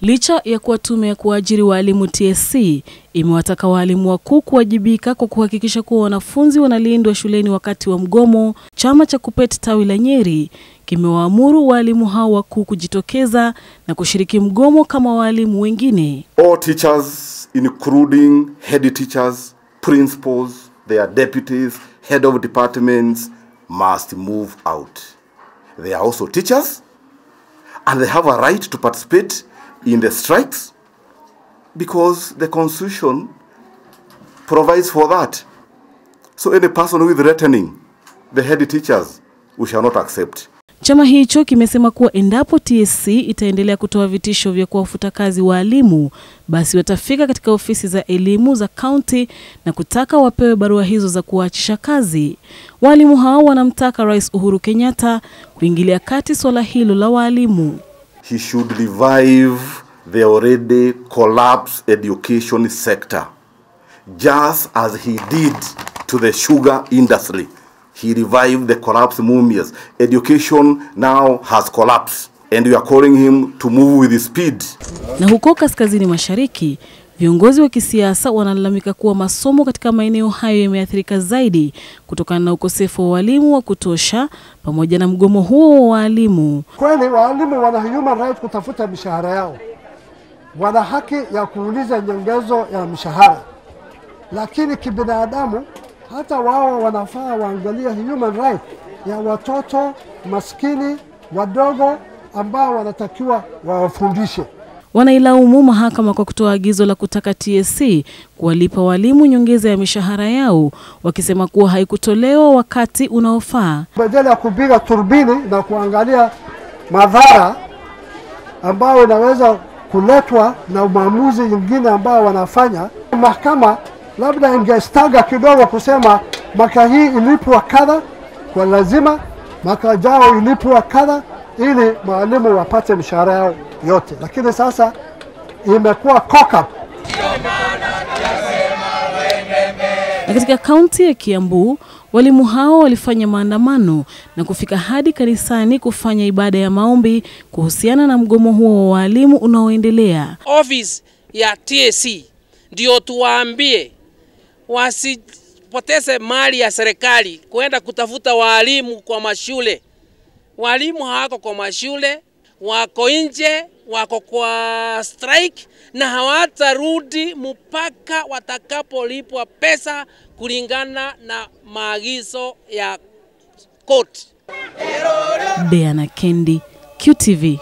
Licha ya kuwa tume ya kuajiri walimu TSC imewataka walimu wakuu kuwajibika kwa kuhakikisha kuwa wanafunzi wanalindwa shuleni wakati wa mgomo, chama cha KUPPET tawi la Nyeri kimewaamuru walimu hao wakuu kujitokeza na kushiriki mgomo kama walimu wengine. All teachers including head teachers, principals, their deputies, head of departments must move out. They are also teachers and they have a right to participate in the strikes because the constitution provides for that. So any person who is threatening the head teachers, we shall not accept. Chama hicho kimesema kuwa endapo TSC itaendelea kutoa vitisho vya kuwafuta kazi waalimu, basi watafika katika ofisi za elimu za kaunti na kutaka wapewe barua hizo za kuwaachisha kazi. Waalimu hao wanamtaka Rais Uhuru Kenyatta kuingilia kati swala hilo la waalimu he should revive the already collapsed education sector, just as he did to the sugar industry. He revived the collapsed mumias. Education now has collapsed and we are calling him to move with speed. Na huko kaskazini mashariki Viongozi wa kisiasa wanalalamika kuwa masomo katika maeneo hayo yameathirika zaidi kutokana na ukosefu wa walimu wa kutosha pamoja na mgomo huo wa walimu. Kweli waalimu wana human right kutafuta mishahara yao, wana haki ya kuuliza nyongezo ya mshahara, lakini kibinadamu, hata wao wanafaa waangalia human right ya watoto maskini wadogo ambao wanatakiwa wawafundishe wanailaumu mahakama kwa kutoa agizo la kutaka TSC kuwalipa walimu nyongeza ya mishahara yao, wakisema kuwa haikutolewa wakati unaofaa. Badala ya kupiga turbini na kuangalia madhara ambayo inaweza kuletwa na maamuzi nyingine ambayo wanafanya, mahakama labda ingestaga kidogo kusema mwaka hii ilipwa kadha kwa lazima, mwaka jao ilipwa kadha ili mwalimu wapate mshahara yao yote, lakini sasa imekuwa koka. Na katika kaunti ya Kiambu walimu hao walifanya maandamano na kufika hadi kanisani kufanya ibada ya maombi kuhusiana na mgomo huo wa walimu unaoendelea. Ofisi ya TSC ndio tuwaambie wasipoteze mali ya serikali kwenda kutafuta walimu kwa mashule walimu hawako kwa mashule, wako nje, wako kwa strike na hawatarudi mpaka watakapolipwa pesa kulingana na maagizo ya koti. beana Kendi, QTV.